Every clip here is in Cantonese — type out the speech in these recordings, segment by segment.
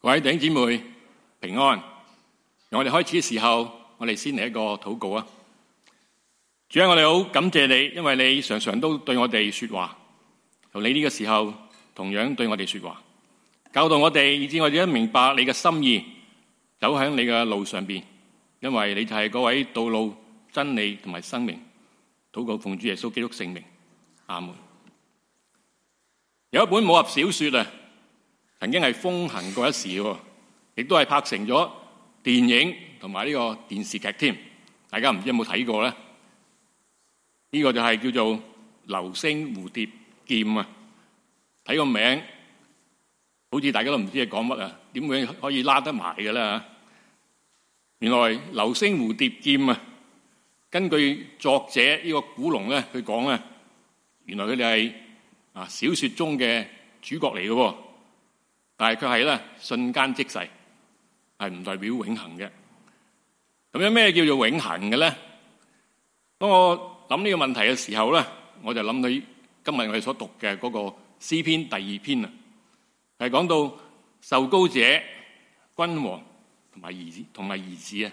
各位弟兄姊妹平安，由我哋開始嘅時候，我哋先嚟一個禱告啊！主啊，我哋好感謝你，因為你常常都對我哋說話，由你呢個時候同樣對我哋說話，教導我哋，以至我哋都明白你嘅心意，走喺你嘅路上邊，因為你就係嗰位道路、真理同埋生命。禱告奉主耶穌基督聖名，阿門。有一本武俠小說啊！曾經係風行過一時喎，亦都係拍成咗電影同埋呢個電視劇添。大家唔知有冇睇過咧？呢個就係叫做《流星蝴蝶劍》啊！睇個名好似大家都唔知係講乜啊？點會可以拉得埋㗎喇？原來《流星蝴蝶劍》啊，根據作者呢個古龍咧，佢講咧，原來佢哋係啊小説中嘅主角嚟嘅喎。但係佢係咧瞬間即逝，係唔代表永恆嘅。咁樣咩叫做永恆嘅咧？當我諗呢個問題嘅時候咧，我就諗起今日我哋所讀嘅嗰個詩篇第二篇啊，係講到受膏者君王同埋兒子同埋兒子啊。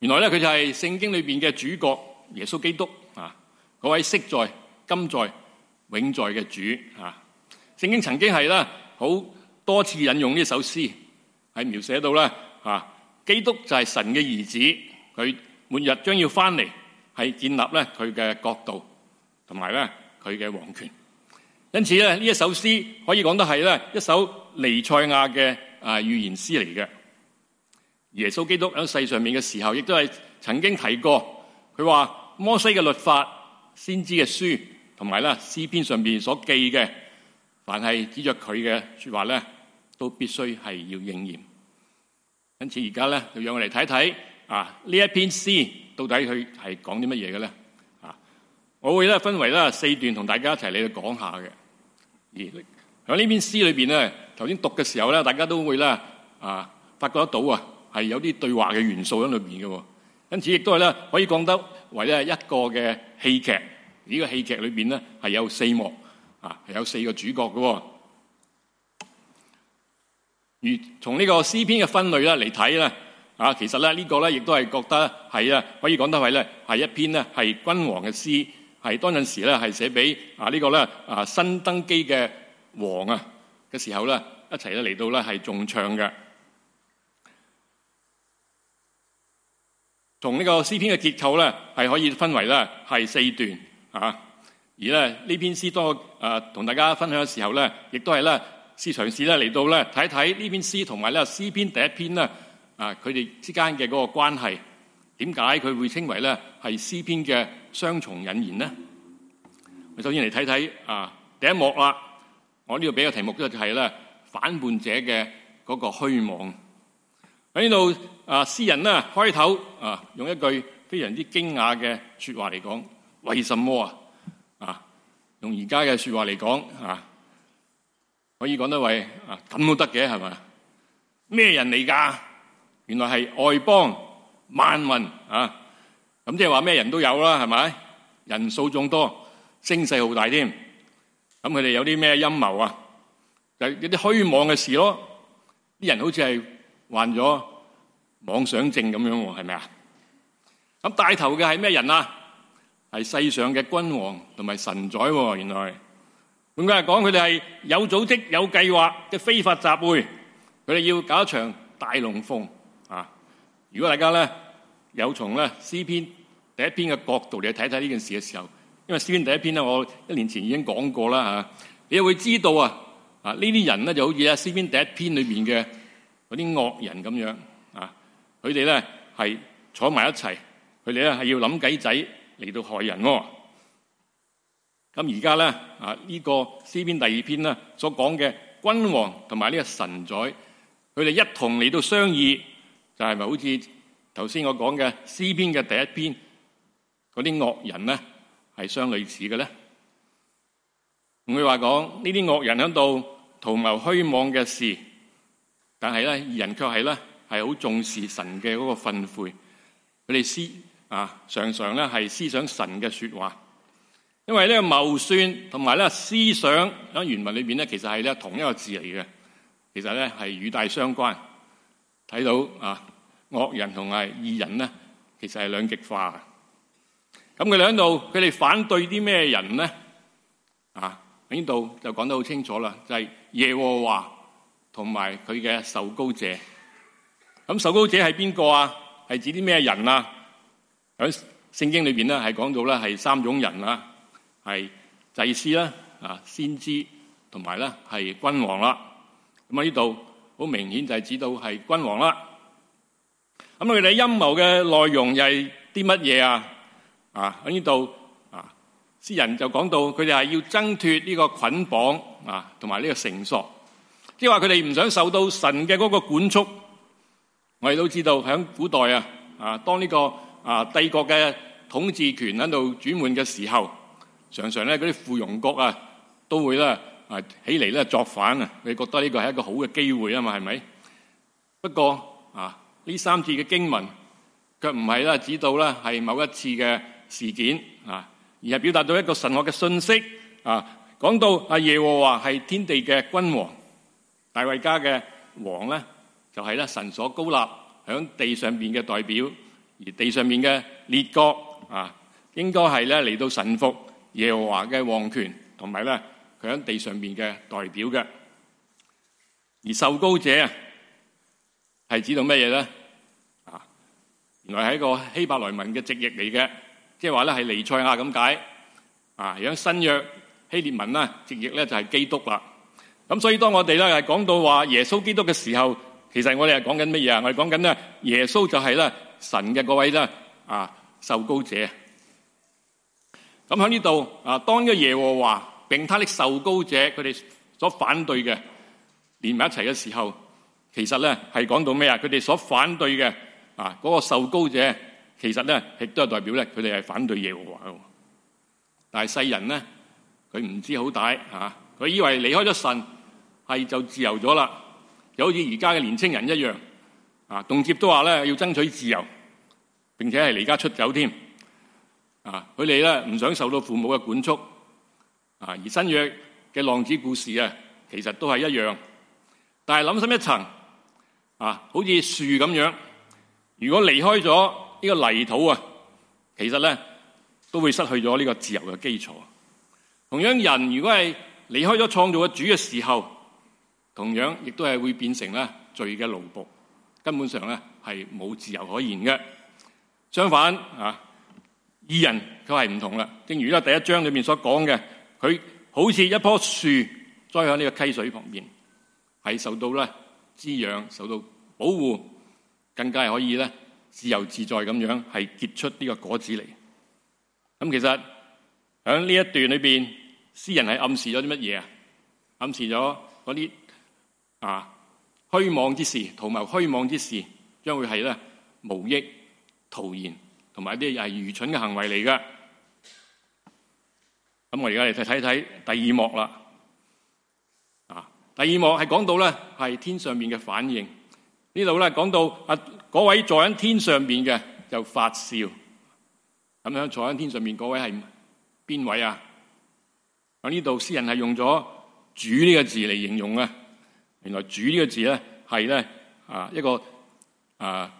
原來咧佢就係聖經裏邊嘅主角耶穌基督啊，嗰位昔在、今在、永在嘅主啊。聖經曾經係啦，好多次引用呢首詩，係描寫到啦吓，基督就係神嘅兒子，佢每日將要翻嚟，係建立咧佢嘅國度，同埋咧佢嘅皇權。因此咧呢一首詩可以講得係咧一首彌賽亞嘅啊預言詩嚟嘅。耶穌基督響世上面嘅時候，亦都係曾經提過佢話摩西嘅律法、先知嘅書，同埋咧詩篇上邊所記嘅。凡係指着佢嘅説話咧，都必須係要應驗。因此而家咧，就讓我哋睇睇啊呢一篇詩到底佢係講啲乜嘢嘅咧？啊，我會咧分為咧四段同大家一齊嚟講下嘅。而喺呢篇詩裏邊咧，頭先讀嘅時候咧，大家都會咧啊發覺得到啊係有啲對話嘅元素喺裏邊嘅。因此亦都係咧可以講得為咧一個嘅戲劇，這個、戲劇裏面呢個戲劇裏邊咧係有四幕。啊，係有四個主角嘅喎、哦。如從呢個詩篇嘅分類咧嚟睇咧，啊，其實咧呢、這個咧亦都係覺得係咧可以講得係咧係一篇呢係君王嘅詩，係當陣時咧係寫俾啊、這個、呢個咧啊新登基嘅王啊嘅時候咧一齊咧嚟到咧係重唱嘅。同呢個詩篇嘅結構咧係可以分為咧係四段啊。而咧呢這篇詩，當、呃、我同大家分享嘅時候咧，亦都係咧試嘗試咧嚟到咧睇睇呢看看篇詩同埋咧《詩篇》第一篇咧啊，佢、呃、哋之間嘅嗰個關係點解佢會稱為咧係《詩篇》嘅雙重引言呢？咪首先嚟睇睇啊第一幕啦。我呢度俾個題目咧就係咧反叛者嘅嗰個虛妄喺、呃、呢度啊。詩人咧開頭啊、呃，用一句非常之驚訝嘅説話嚟講：為什麼啊？用而家嘅說話嚟講，可以講得喎，啊咁都得嘅，係咪？咩人嚟噶？原來係外邦萬民啊！咁即係話咩人都有啦，係咪？人數眾多，聲勢浩大添。咁佢哋有啲咩陰謀啊？就是，一啲虛妄嘅事咯。啲人好似係患咗妄想症咁樣，係咪啊？咁帶頭嘅係咩人啊？係世上嘅君王同埋神宰喎，原來換句話講，佢哋係有組織有計劃嘅非法集會。佢哋要搞一場大龍鳳啊！如果大家咧有從咧詩篇第一篇嘅角度嚟睇睇呢件事嘅時候，因為詩篇第一篇咧，我一年前已經講過啦嚇、啊，你會知道啊啊！這些呢啲人咧就好似咧詩篇第一篇裏面嘅嗰啲惡人咁樣啊，佢哋咧係坐埋一齊，佢哋咧係要諗計仔。嚟到害人喎、哦，咁而家咧啊呢、這個詩篇第二篇咧所講嘅君王同埋呢個神宰」，佢哋一同嚟到商議，就係咪好似頭先我講嘅詩篇嘅第一篇嗰啲惡人咧，係相類似嘅咧？唔會話講呢啲惡人喺度圖謀虛妄嘅事，但係咧二人卻係咧係好重視神嘅嗰個訓誨，佢哋思。啊，常常咧係思想神嘅説話，因為呢個謀算同埋咧思想喺原文裏面咧，其實係咧同一個字嚟嘅，其實咧係語帶相關。睇到啊，惡人同啊義人咧，其實係兩極化嘅。咁佢哋喺度，佢哋反對啲咩人咧？啊，呢度就講得好清楚啦，就係、是、耶和華同埋佢嘅受膏者。咁受膏者係邊個啊？係指啲咩人啊？喺聖經裏邊咧係講到咧係三種人啦，係祭司啦、啊先知同埋咧係君王啦。咁啊呢度好明顯就係指到係君王啦。咁啊，佢哋陰謀嘅內容又係啲乜嘢啊？啊喺呢度啊，詩人就講到佢哋係要掙脱呢個捆綁啊，同埋呢個繩索，即係話佢哋唔想受到神嘅嗰個管束。我哋都知道喺古代啊，啊當呢個。啊！帝國嘅統治權喺度轉換嘅時候，常常咧嗰啲附庸國啊都會咧啊起嚟咧作反啊！你覺得呢個係一個好嘅機會啊？嘛係咪？不過啊，呢三次嘅經文卻唔係啦，指到咧係某一次嘅事件啊，而係表達到一個神學嘅信息啊。講到啊耶和華係天地嘅君王，大衞家嘅王咧就係咧神所高立喺地上面嘅代表。而地上面嘅列國啊，應該係咧嚟到臣服耶和華嘅王權，同埋咧佢喺地上面嘅代表嘅。而受膏者啊，係指到咩嘢咧？啊，原來係一個希伯來文嘅直譯嚟嘅，即係話咧係彌賽亞咁解啊，而喺新約希臘文咧直譯咧就係基督啦。咁所以當我哋咧係講到話耶穌基督嘅時候，其實我哋係講緊乜嘢啊？我哋講緊咧耶穌就係咧。神嘅嗰位咧啊，受膏者。咁響呢度啊，當呢個耶和華並他的受膏者，佢哋所反對嘅連埋一齊嘅時候，其實咧係講到咩啊？佢哋所反對嘅啊，嗰個受膏者，其實咧亦都係代表咧，佢哋係反對耶和華嘅。但係世人咧，佢唔知好歹吓，佢、啊、以為離開咗神係就自由咗啦，就好似而家嘅年青人一樣。啊！動輒都話咧，要爭取自由，並且係離家出走添。啊！佢哋咧唔想受到父母嘅管束。啊！而新約嘅浪子故事啊，其實都係一樣。但係諗深一層，啊，好似樹咁樣，如果離開咗呢個泥土啊，其實咧都會失去咗呢個自由嘅基礎。同樣人如果係離開咗創造嘅主嘅時候，同樣亦都係會變成咧罪嘅奴僕。根本上咧係冇自由可言嘅。相反，啊，二人佢係唔同啦。正如咧第一章裏面所講嘅，佢好似一棵樹栽喺呢個溪水旁邊，係受到咧滋養，受到保護，更加係可以咧自由自在咁樣係結出呢個果子嚟。咁其實喺呢一段裏邊，詩人係暗示咗啲乜嘢啊？暗示咗嗰啲啊。虛妄之事，圖謀虛妄之事，將會係咧無益、徒然同埋一啲係愚蠢嘅行為嚟噶。咁我而家嚟睇睇第二幕啦。啊，第二幕係講到咧係天上面嘅反應。呢度咧講到嗰位坐喺天上面嘅就發笑。咁樣坐喺天上面嗰位係邊位啊？喺呢度詩人係用咗主呢個字嚟形容啊。原來主呢個字咧，係咧啊一個啊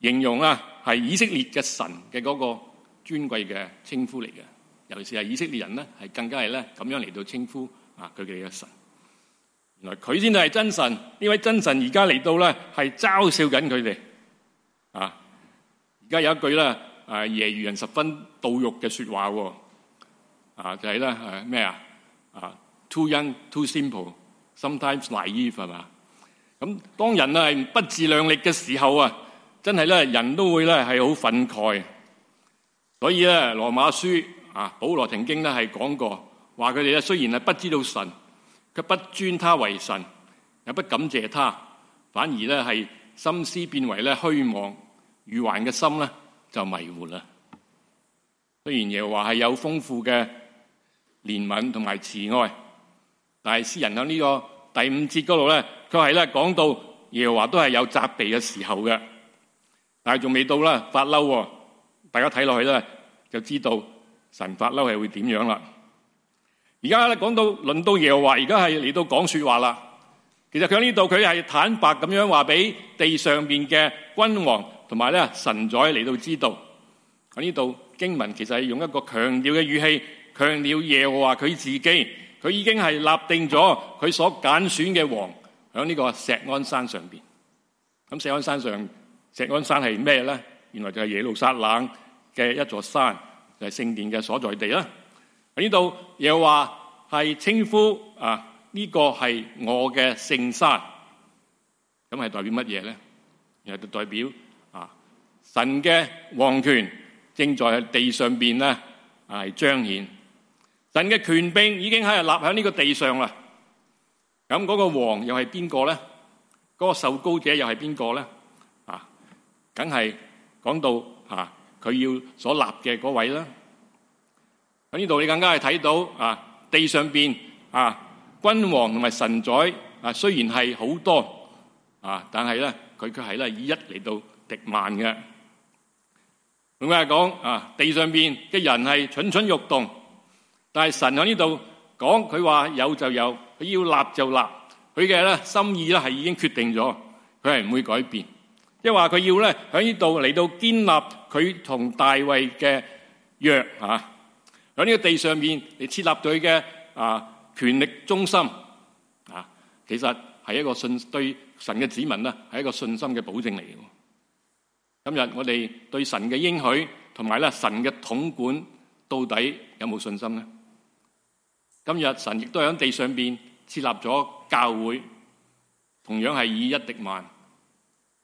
形容啊係以色列嘅神嘅嗰個尊貴嘅稱呼嚟嘅，尤其是係以色列人咧，係更加係咧咁樣嚟到稱呼啊佢哋嘅神。原來佢先至係真神，呢位真神而家嚟到咧係嘲笑緊佢哋啊！而家有一句咧啊，揶揄人十分墮辱嘅說話喎、哦、啊，就係咧係咩啊啊，too young，too simple。Sometimes naive 係嘛？咁當人啊係不自量力嘅時候啊，真係咧人都會咧係好憤慨。所以咧羅馬書啊，保羅曾經咧係講過，話佢哋咧雖然係不知道神，卻不尊他為神，又不感謝他，反而咧係心思變為咧虛妄、欲幻嘅心咧就迷糊啦。雖然耶和華係有豐富嘅憐憫同埋慈愛。但係，詩人喺呢個第五節嗰度咧，佢係咧講到耶和華都係有責備嘅時候嘅，但係仲未到啦，發嬲、哦，大家睇落去咧就知道神發嬲係會點樣啦。而家咧講到輪到耶和華，而家係嚟到講說話啦。其實佢喺呢度佢係坦白咁樣話俾地上面嘅君王同埋咧神在嚟到知道。喺呢度經文其實係用一個強調嘅語氣，強調耶和華佢自己。佢已經係立定咗佢所揀選嘅王喺呢個石安山上邊。咁石安山上石安山係咩咧？原來就係耶路撒冷嘅一座山，就係、是、聖殿嘅所在地啦。喺呢度又話係稱呼啊，呢、這個係我嘅聖山。咁係代表乜嘢咧？又代表啊神嘅王權正在喺地上邊咧，係彰顯。神嘅權柄已經喺度立喺呢個地上啦。咁嗰個王又係邊個咧？嗰個受高者又係邊個咧？啊，梗係講到啊，佢要所立嘅嗰位啦。喺呢度你更加係睇到啊，地上邊啊君王同埋神宰啊雖然係好多啊，但係咧佢卻係咧以一嚟到敵萬嘅。咁梗係講啊，地上邊嘅人係蠢蠢欲動。但係神喺呢度講，佢話有就有，佢要立就立，佢嘅咧心意咧係已經決定咗，佢係唔會改變，即係話佢要咧喺呢度嚟到建立佢同大衛嘅約啊，喺呢個地上面嚟設立佢嘅啊權力中心啊，其實係一個信對神嘅子民咧係一個信心嘅保證嚟嘅。今日我哋對神嘅應許同埋咧神嘅統管到底有冇信心咧？今日神亦都喺地上邊設立咗教會，同樣係以一敵萬。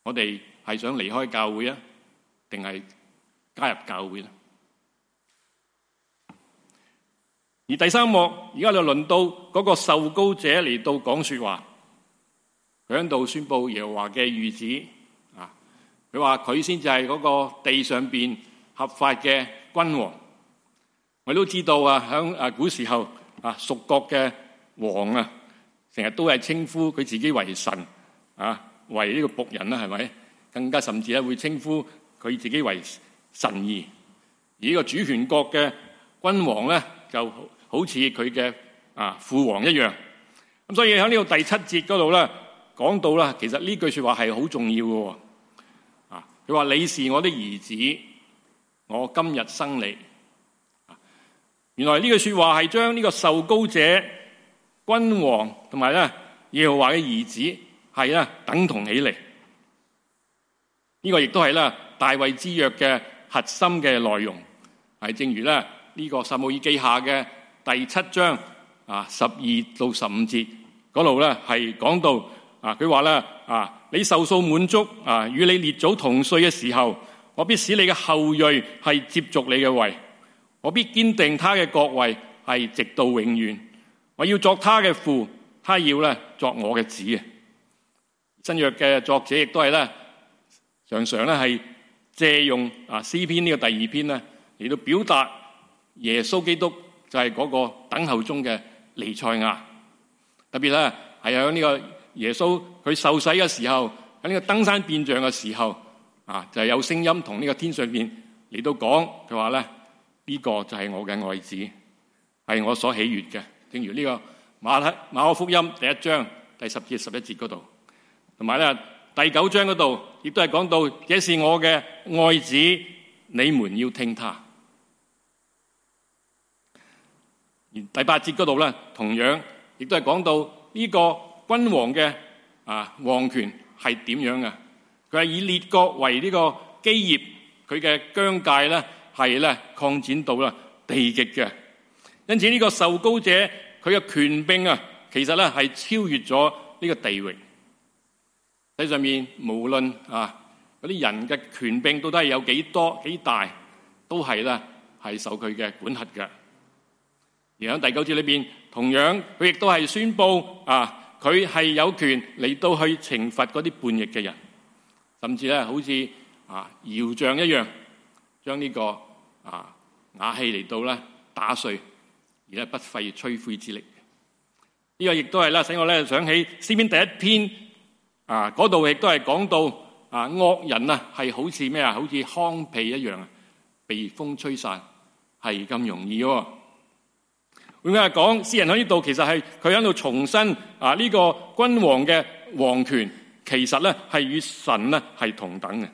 我哋係想離開教會啊，定係加入教會咧？而第三幕，而家就輪到嗰個受膏者嚟到講說話，喺度宣布耶和華嘅諭旨啊！佢話佢先至係嗰個地上邊合法嘅君王。我都知道啊，響誒古時候。啊，屬國嘅王啊，成日都係稱呼佢自己為神啊，為呢個僕人啦，係咪？更加甚至咧會稱呼佢自己為神兒。而呢個主權國嘅君王咧，就好似佢嘅啊父王一樣。咁所以喺呢度第七節嗰度咧，講到啦，其實呢句説話係好重要嘅哦。啊，佢話，你是我的兒子，我今日生你。原來呢句說話係將呢個受膏者君王同埋咧耶和華嘅兒子係咧等同起嚟，呢、這個亦都係咧大衛之約嘅核心嘅內容。係正如咧呢個撒母耳記下嘅第七章啊十二到十五節嗰度咧係講到啊佢話咧啊你受數滿足啊與你列祖同歲嘅時候，我必使你嘅後裔係接續你嘅位。我必堅定他嘅國位係直到永遠。我要作他嘅父，他要咧作我嘅子啊！新約嘅作者亦都係咧，常常咧係借用啊詩篇呢個第二篇咧嚟到表達耶穌基督就係嗰個等候中嘅彌賽亞。特別咧係響呢個耶穌佢受洗嘅時候，喺呢個登山變像嘅時候啊，就係、是、有聲音同呢個天上邊嚟到講佢話咧。呢個就係我嘅愛子，係我所喜悦嘅。正如呢個馬可馬可福音第一章第十節十一節嗰度，同埋咧第九章嗰度，亦都係講到，這是我嘅愛子，你們要聽他。而第八節嗰度咧，同樣亦都係講到呢、這個君王嘅啊王權係點樣嘅，佢係以列國為呢個基業，佢嘅疆界咧。係咧擴展到啦地極嘅，因此呢個受高者佢嘅權柄啊，其實咧係超越咗呢個地域。喺上面無論啊嗰啲人嘅權柄到底係有幾多幾大，都係啦係受佢嘅管轄嘅。而喺第九節裏邊，同樣佢亦都係宣布啊，佢係有權嚟到去懲罰嗰啲叛逆嘅人，甚至咧好似啊搖杖一樣將呢個。啊，瓦器嚟到咧，打碎而家不費吹灰之力。呢個亦都係啦，使我咧想起詩篇第一篇啊，嗰度亦都係講到啊惡人啊係好似咩啊，好似糠皮一樣啊，被風吹散係咁容易喎。換句話講，詩人喺呢度其實係佢響度重申啊呢個君王嘅王權，其實咧係與神咧係同等嘅。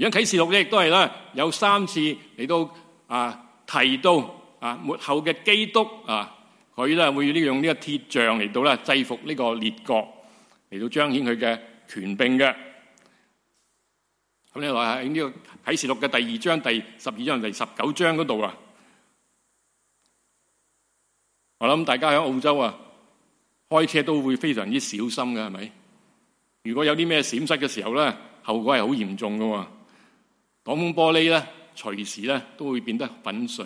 而家啟示錄呢，亦都係咧有三次嚟到啊提到啊末後嘅基督啊，佢咧會用這個呢用呢個鐵杖嚟到咧制服呢個列國嚟到彰顯佢嘅權柄嘅。咁你睇下喺呢個啟示錄嘅第二章、第十二章、第十九章嗰度啊，我諗大家喺澳洲啊開車都會非常之小心㗎，係咪？如果有啲咩閃失嘅時候呢，後果係好嚴重㗎喎，啊。擋風玻璃咧，隨時咧都會變得粉碎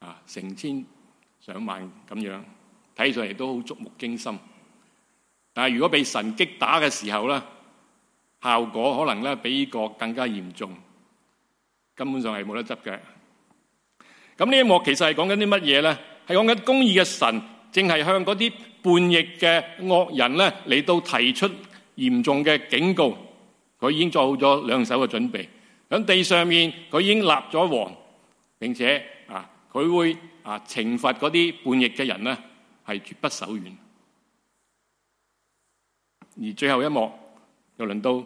啊！成千上萬咁樣睇上嚟都好觸目驚心。但係如果被神擊打嘅時候咧，效果可能咧比呢個更加嚴重，根本上係冇得執嘅。咁呢一幕其實係講緊啲乜嘢咧？係講緊公義嘅神正係向嗰啲叛逆嘅惡人咧嚟到提出嚴重嘅警告。佢已經做好咗兩手嘅準備。喺地上面，佢已經立咗王，並且啊，佢會啊懲罰嗰啲叛逆嘅人咧，係絕不手軟。而最後一幕又輪到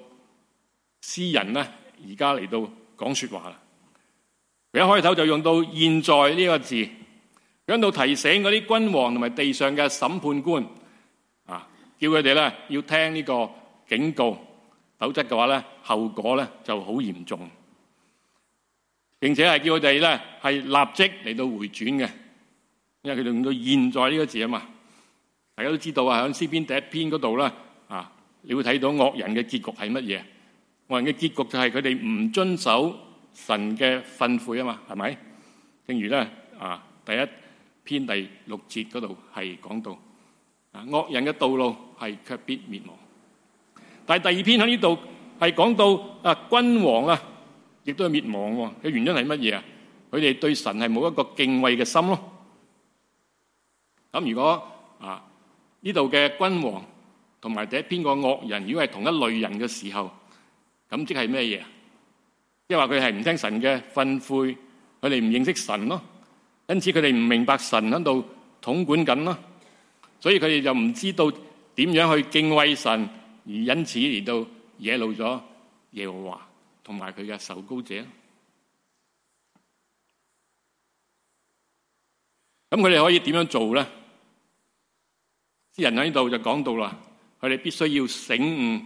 詩人咧，而家嚟到講說話啦。佢一開頭就用到“現在”呢個字，響度提醒嗰啲君王同埋地上嘅審判官啊，叫佢哋咧要聽呢個警告，否則嘅話咧。後果咧就好嚴重，並且係叫佢哋咧係立即嚟到回轉嘅，因為佢哋用到現在呢個字啊嘛。大家都知道啊，喺詩篇第一篇嗰度咧啊，你會睇到惡人嘅結局係乜嘢？惡人嘅結局就係佢哋唔遵守神嘅訓誨啊嘛，係咪？正如咧啊，第一篇第六節嗰度係講到啊，惡人嘅道路係卻必滅亡，但係第二篇喺呢度。係講到啊，君王啊，亦都係滅亡嘅原因係乜嘢啊？佢哋對神係冇一個敬畏嘅心咯。咁如果啊呢度嘅君王同埋第一篇個惡人，如果係同一類人嘅時候，咁即係咩嘢啊？即係話佢係唔聽神嘅吩咐，佢哋唔認識神咯，因此佢哋唔明白神喺度統管緊咯，所以佢哋就唔知道點樣去敬畏神，而因此嚟到。惹怒咗耶和華同埋佢嘅受膏者，咁佢哋可以點樣做咧？啲人喺呢度就講到啦，佢哋必須要醒悟，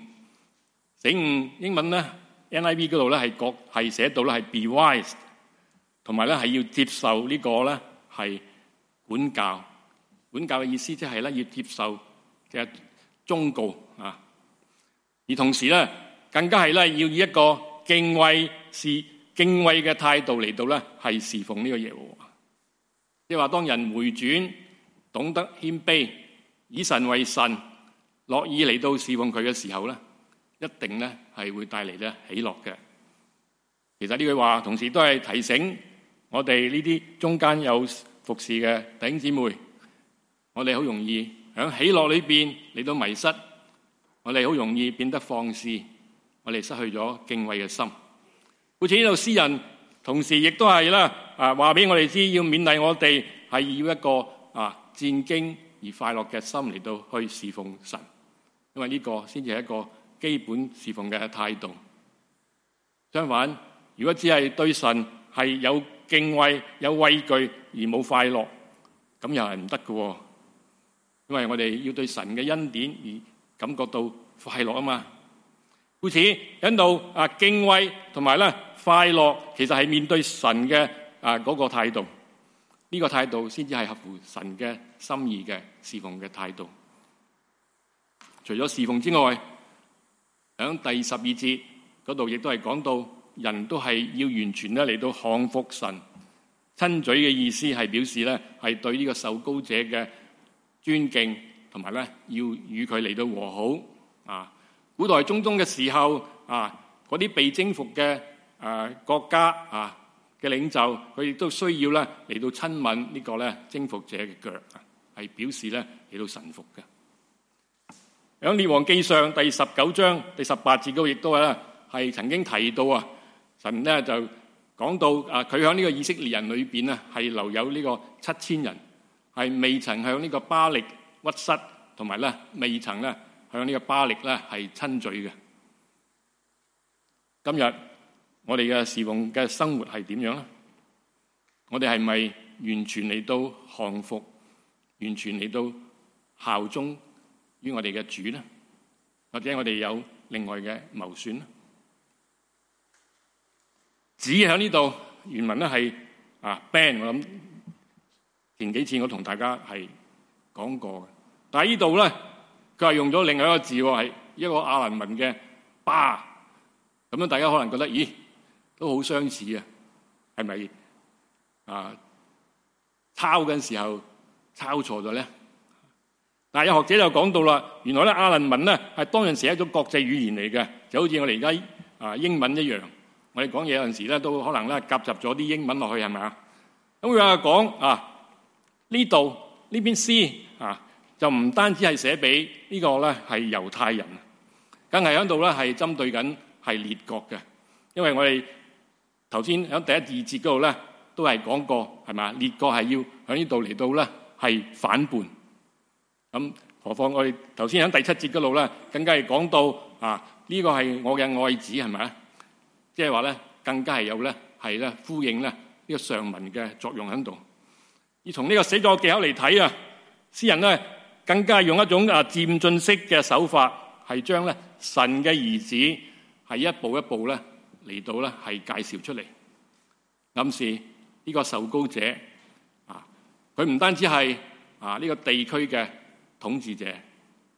醒悟英文咧，NIV 嗰度咧係國係寫到咧係 be wise，同埋咧係要接受呢個咧係管教，管教嘅意思即係咧要接受嘅忠告啊。而同時咧，更加係咧，要以一個敬畏是敬畏嘅態度嚟到咧，係侍奉呢個耶和華。即係話，當人回轉，懂得謙卑，以神為神，樂意嚟到侍奉佢嘅時候咧，一定咧係會帶嚟咧喜樂嘅。其實呢句話同時都係提醒我哋呢啲中間有服侍嘅弟兄姊妹，我哋好容易響喜樂裏邊嚟到迷失。我哋好容易變得放肆，我哋失去咗敬畏嘅心。好似呢度詩人，同時亦都係啦，啊話俾我哋知要勉勵我哋係要一個啊戰兢而快樂嘅心嚟到去侍奉神，因為呢個先至係一個基本侍奉嘅態度。相反，如果只係對神係有敬畏、有畏懼而冇快樂，咁又係唔得㗎。因為我哋要對神嘅恩典而感覺到快樂啊嘛，故此引導啊敬畏同埋咧快樂，其實係面對神嘅啊嗰、那個態度，呢、這個態度先至係合乎神嘅心意嘅侍奉嘅態度。除咗侍奉之外，喺第十二節嗰度亦都係講到人都係要完全咧嚟到降服神，親嘴嘅意思係表示咧係對呢個受膏者嘅尊敬。同埋咧，要與佢嚟到和好啊！古代中東嘅時候啊，嗰啲被征服嘅誒、啊、國家啊嘅領袖，佢亦都需要咧嚟到親吻個呢個咧征服者嘅腳啊，係表示咧嚟到臣服嘅。喺《列王記》上第十九章第十八節度，亦都係啦，係曾經提到啊，神呢，就講到啊，佢喺呢個以色列人裏邊啊，係留有呢個七千人，係未曾向呢個巴力。屈膝同埋咧，未曾咧向呢個巴力咧係親嘴嘅。今日我哋嘅侍奉嘅生活係點樣咧？我哋係咪完全嚟到降服，完全嚟到效忠於我哋嘅主咧？或者我哋有另外嘅謀選咧？指喺呢度，原文咧係啊 band 我諗前幾次我同大家係講過嘅。但係依度咧，佢係用咗另外一個字喎，係一個亞蘭文嘅巴，咁樣大家可能覺得，咦，都好相似啊，係咪啊？抄緊時候抄錯咗咧？但係有學者就講到啦，原來咧亞蘭文咧係當陣時一種國際語言嚟嘅，就好似我哋而家啊英文一樣，我哋講嘢有陣時咧都可能咧夾雜咗啲英文落去，係咪啊？咁佢話講啊，呢度呢邊詩啊。就唔單止係寫俾呢個咧係猶太人，梗係喺度咧係針對緊係列國嘅，因為我哋頭先喺第一二節嗰度咧都係講過係咪？列國係要喺呢度嚟到咧係反叛，咁何況我哋頭先喺第七節嗰度咧更加係講到啊呢個係我嘅愛子係咪啊？即係話咧更加係有咧係咧呼應咧呢個上文嘅作用喺度。而從呢個寫作嘅技巧嚟睇啊，詩人咧。更加用一種啊漸進式嘅手法，係將咧神嘅兒子係一步一步咧嚟到咧係介紹出嚟，暗示呢、呢個受膏者啊，佢唔單止係啊呢個地區嘅統治者，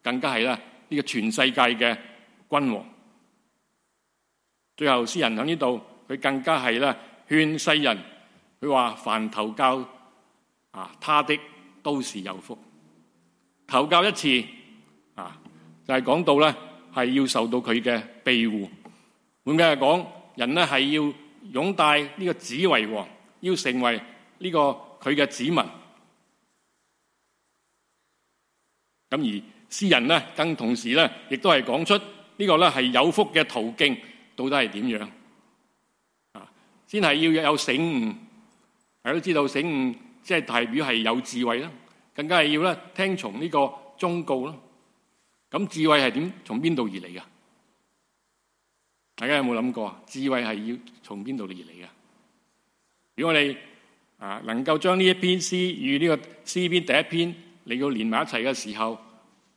更加係咧呢個全世界嘅君王。最後私在這裡，詩人喺呢度佢更加係咧勸世人，佢話凡投教啊他的都是有福。求教一次，啊，就係、是、講到咧，係要受到佢嘅庇護。換句嚟講，人咧係要擁戴呢個子為王，要成為呢個佢嘅子民。咁、啊、而詩人咧，更同時咧，亦都係講出、這個、呢個咧係有福嘅途徑，到底係點樣？啊，先係要有醒悟，大家都知道醒悟即係代表係有智慧啦。更加係要聽從呢個忠告咯。咁智慧係點？從邊度而嚟？大家有冇諗過啊？智慧係要從邊度而嚟？如果你啊能夠將呢一篇詩與呢個詩篇第一篇你個連埋一齊嘅時候，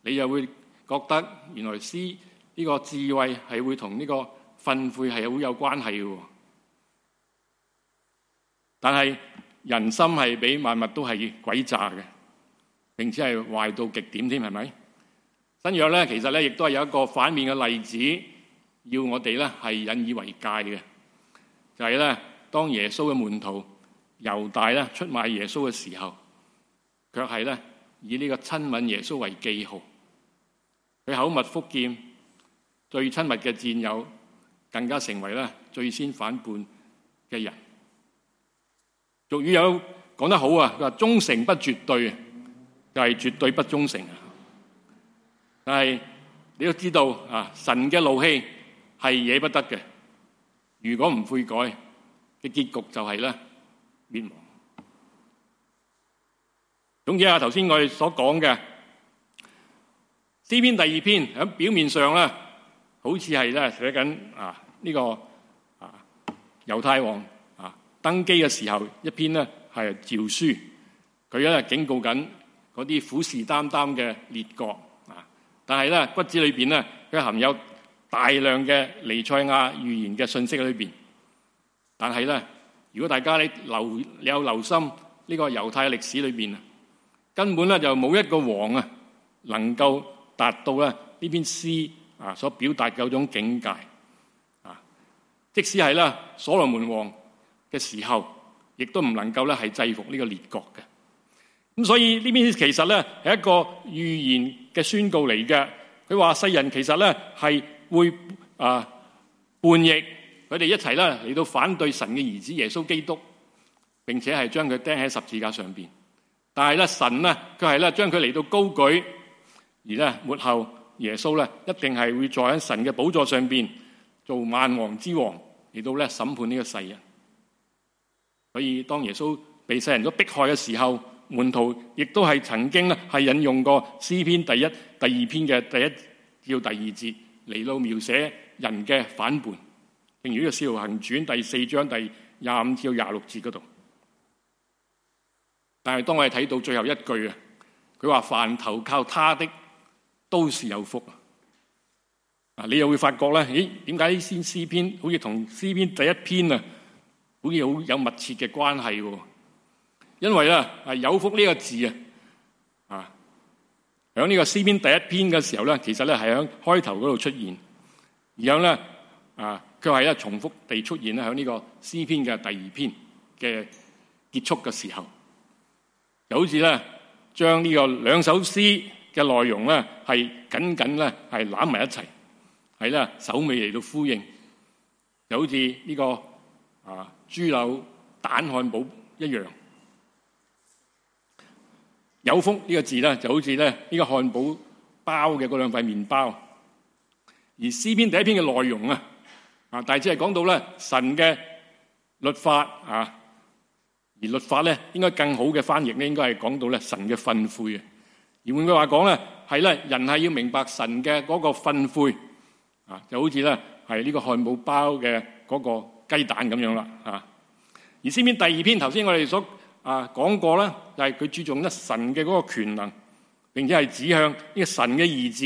你就會覺得原來詩呢個智慧係會同呢個憤悔係會有關係的。但係人心係比萬物都係詭詐嘅。並且係壞到極點，添係咪？新約咧，其實咧，亦都係有一個反面嘅例子，要我哋咧係引以為戒嘅。就係、是、咧，當耶穌嘅門徒猶大咧出賣耶穌嘅時候，卻係咧以呢個親吻耶穌為記號。佢口密福建最親密嘅戰友，更加成為咧最先反叛嘅人。俗語有講得好啊，佢話忠誠不絕對。就係絕對不忠誠啊！但係你都知道啊，神嘅怒氣係惹不得嘅。如果唔悔改嘅結局就係咧滅亡。總之啊，頭先我哋所講嘅詩篇第二篇喺表面上咧，好似係咧寫緊啊呢個啊猶太王啊登基嘅時候一篇咧係詔書，佢咧警告緊。嗰啲虎視眈眈嘅列國啊，但係咧骨子裏邊咧，佢含有大量嘅尼塞亞預言嘅信息喺裏邊。但係咧，如果大家你留有留心呢個猶太歷史裏面，啊，根本咧就冇一個王啊能夠達到咧呢篇詩啊所表達嘅嗰種境界啊。即使係啦所羅門王嘅時候，亦都唔能夠咧係制服呢個列國嘅。咁所以呢邊其實咧係一個預言嘅宣告嚟嘅。佢話世人其實咧係會啊、呃、叛逆他們，佢哋一齊咧嚟到反對神嘅兒子耶穌基督，並且係將佢釘喺十字架上邊。但係咧神咧佢係咧將佢嚟到高舉，而咧末後耶穌咧一定係會坐喺神嘅寶座上邊做萬王之王嚟到咧審判呢個世人。所以當耶穌被世人都迫害嘅時候，門徒亦都係曾經咧，係引用過詩篇第一、第二篇嘅第一叫第二節嚟到描寫人嘅反叛。正如呢個《使徒行傳》第四章第廿五至廿六節嗰度。但係當我哋睇到最後一句啊，佢話凡投靠他的都是有福啊！你又會發覺呢，咦？點解先詩篇好似同詩篇第一篇啊，好似好有密切嘅關係喎？因為咧係有福呢個字啊，啊喺呢個詩篇第一篇嘅時候咧，其實咧係喺開頭嗰度出現，而後咧啊，佢係一重複地出現咧喺呢個詩篇嘅第二篇嘅結束嘅時候，就好似咧將呢將個兩首詩嘅內容咧係緊緊咧係攬埋一齊，係咧首尾嚟到呼應，就好似呢、這個啊豬柳蛋漢堡一樣。有福呢個字咧，就好似咧呢個漢堡包嘅嗰兩塊麵包。而詩篇第一篇嘅內容啊，啊大致係講到咧神嘅律法啊，而律法咧應該更好嘅翻譯咧，應該係講到咧神嘅訓誨。啊。而換句話講咧，係咧人係要明白神嘅嗰個訓誨，啊，就好似咧係呢個漢堡包嘅嗰個雞蛋咁樣啦啊。而詩篇第二篇，頭先我哋所啊，講過啦，就係、是、佢注重得神嘅嗰個權能，並且係指向呢個神嘅兒子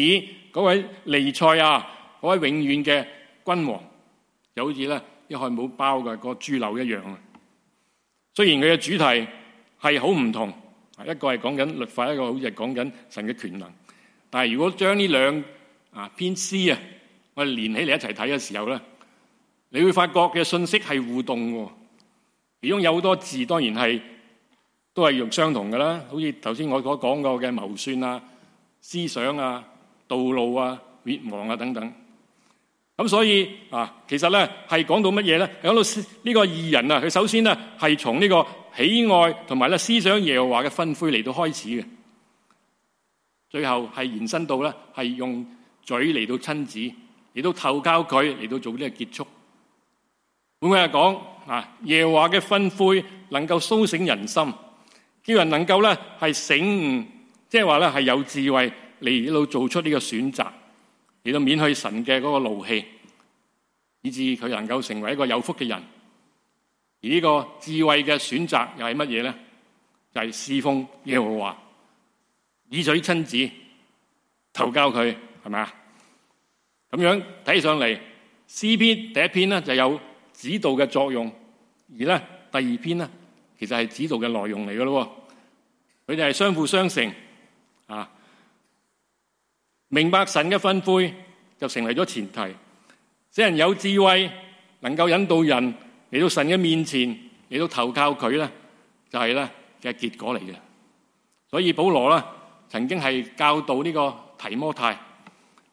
嗰位彌賽亞，嗰位永遠嘅君王，就好似咧一漢堡包嘅、嗰個豬柳一樣啊。雖然佢嘅主題係好唔同，一個係講緊律法，一個好似係講緊神嘅權能。但係如果將呢兩啊篇詩啊，我哋連起嚟一齊睇嘅時候咧，你會發覺嘅信息係互動喎。其中有好多字當然係。都係用相同嘅啦，好似頭先我所講過嘅謀算啊、思想啊、道路啊、滅亡啊等等。咁所以啊，其實咧係講到乜嘢咧？講到呢個義人啊，佢首先咧係從呢個喜愛同埋咧思想耶和華嘅分灰嚟到開始嘅，最後係延伸到咧係用嘴嚟到親子，亦都投靠佢嚟到做呢個結束。換句話講啊，耶和華嘅分灰能夠蘇醒人心。叫人能夠咧，係醒悟，即係話咧，係有智慧嚟，一路做出呢個選擇，嚟到免去神嘅嗰個怒氣，以至佢能夠成為一個有福嘅人。而呢個智慧嘅選擇又係乜嘢咧？就係、是、侍奉耶和華，以嘴親子，投交佢，係咪啊？咁樣睇上嚟，詩篇第一篇咧就有指導嘅作用，而咧第二篇咧其實係指導嘅內容嚟噶咯。佢哋係相輔相成，啊！明白神嘅訓誨就成為咗前提，使人有智慧，能夠引導人嚟到神嘅面前嚟到投靠佢咧，就係咧嘅結果嚟嘅。所以保羅啦，曾經係教導呢個提摩太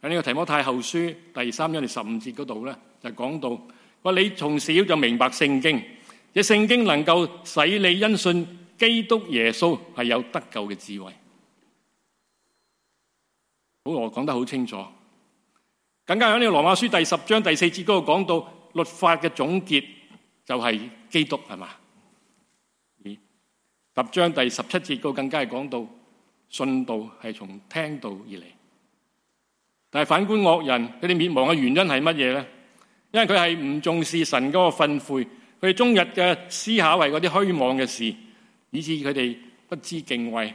喺呢個提摩太後書第三章第十五節嗰度咧，就講到：話你從小就明白聖經，這聖經能夠使你因信。基督耶穌係有得救嘅智慧，保羅講得好清楚。更加喺呢個羅馬書第十章第四節嗰度講到律法嘅總結就係基督係嘛？十章第十七節嗰個更加係講到信道係從聽道而嚟。但係反觀惡人佢哋滅亡嘅原因係乜嘢咧？因為佢係唔重視神嗰個憤悔，佢哋終日嘅思考係啲虛妄嘅事。以致佢哋不知敬畏，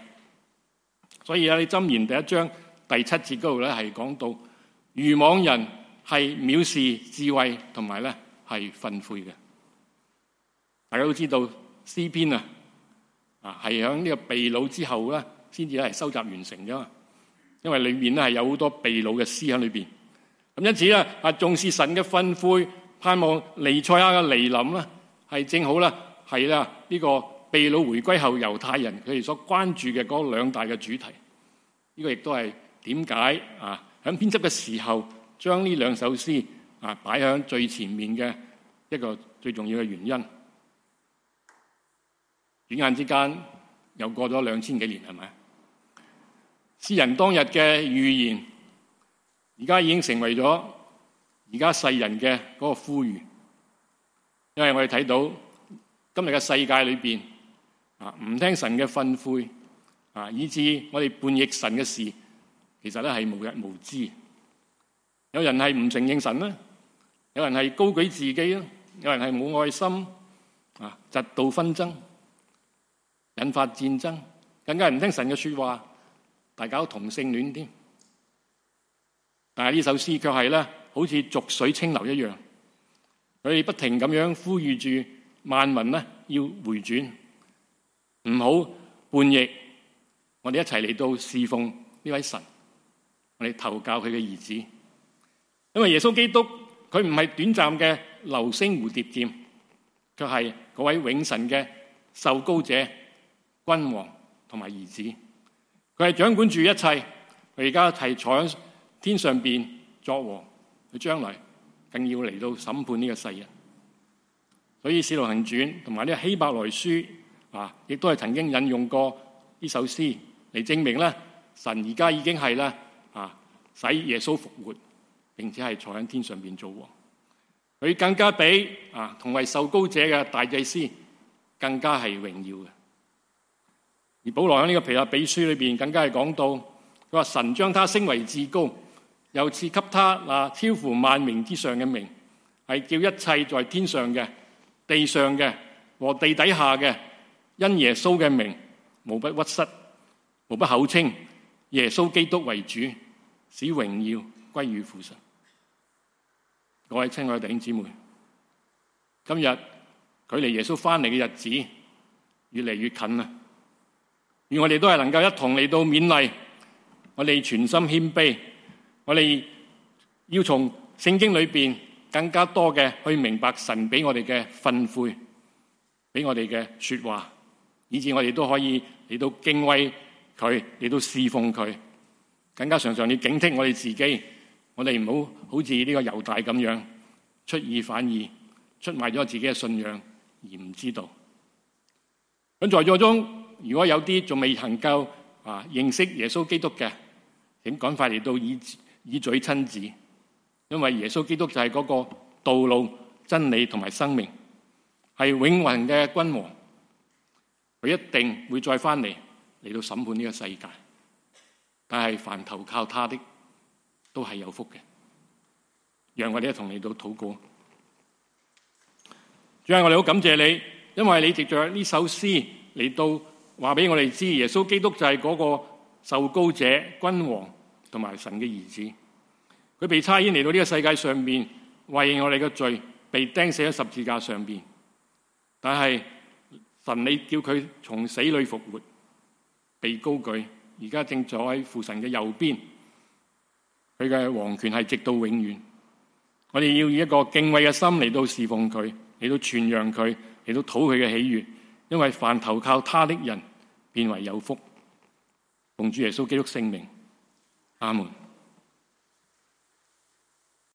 所以咧《箴言》第一章第七節嗰度咧係講到愚妄人係藐視智慧，同埋咧係訓誨嘅。大家都知道《詩篇》啊，啊係喺呢個被擄之後呢才先至收集完成嘅。因為裏面咧係有好多被擄嘅詩喺裏面。咁因此啊，重視神嘅訓誨，盼望彌賽亞嘅嚟臨係正好呢是係、這個呢個。被擄回歸後，猶太人佢哋所關注嘅嗰兩大嘅主題，呢個亦都係點解啊？喺編輯嘅時候，將呢兩首詩啊擺喺最前面嘅一個最重要嘅原因。轉眼之間又過咗兩千幾年是，係咪？詩人當日嘅預言，而家已經成為咗而家世人嘅嗰個呼籲，因為我哋睇到今日嘅世界裏邊。啊！唔聽神嘅訓誨，啊，以至我哋叛逆神嘅事，其實咧係無日無之。有人係唔承認神咧，有人係高舉自己咧，有人係冇愛心，啊，嫉妒紛爭，引發戰爭，更加唔聽神嘅説話，大搞同性戀添。但係呢首詩卻係咧，好似濁水清流一樣，佢哋不停咁樣呼籲住萬民呢要回轉。唔好叛逆，我哋一齊嚟到侍奉呢位神，我哋投教佢嘅兒子。因為耶穌基督佢唔係短暫嘅流星蝴蝶劍，佢係嗰位永神嘅受膏者君王同埋兒子，佢係掌管住一切。佢而家係坐喺天上邊作王，佢將來更要嚟到審判呢個世人。所以《使徒行傳》同埋呢個希伯來書。啊！亦都係曾經引用過呢首詩嚟證明咧，神而家已經係咧啊，使耶穌復活，並且係坐喺天上邊做王。佢更加比啊同為受膏者嘅大祭司更加係榮耀嘅。而保羅喺呢個腓立比書裏邊更加係講到，佢話神將他升為至高，又賜給他嗱超乎萬名之上嘅名，係叫一切在天上嘅、地上嘅和地底下嘅。因耶穌嘅名，無不屈膝，無不口稱耶穌基督為主，使榮耀歸於父神。各位親愛弟兄姊妹，今日距離耶穌翻嚟嘅日子越嚟越近啦，如我哋都係能夠一同嚟到勉勵，我哋全心謙卑，我哋要從聖經裏邊更加多嘅去明白神俾我哋嘅訓誨，俾我哋嘅說話。以至我哋都可以嚟到敬畏佢，嚟到侍奉佢，更加常常要警惕我哋自己，我哋唔好好似呢個猶大咁樣出爾反爾，出賣咗自己嘅信仰而唔知道。咁在座中，如果有啲仲未能夠啊認識耶穌基督嘅，請趕快嚟到以以嘴親子，因為耶穌基督就係嗰個道路、真理同埋生命，係永恆嘅君王。佢一定會再翻嚟嚟到審判呢個世界，但係凡投靠他的都係有福嘅。讓我哋一同嚟到禱告。主啊，我哋好感謝你，因為你藉着呢首詩嚟到話俾我哋知，耶穌基督就係嗰個受膏者、君王同埋神嘅兒子。佢被差遣嚟到呢個世界上面，為我哋嘅罪被釘死喺十字架上邊，但係。神，你叫佢從死裏復活，被高舉，而家正坐喺父神嘅右邊，佢嘅王權係直到永遠。我哋要以一個敬畏嘅心嚟到侍奉佢，嚟到傳揚佢，嚟到討佢嘅喜悅，因為凡投靠他的人變為有福。奉主耶穌基督聖名，阿門。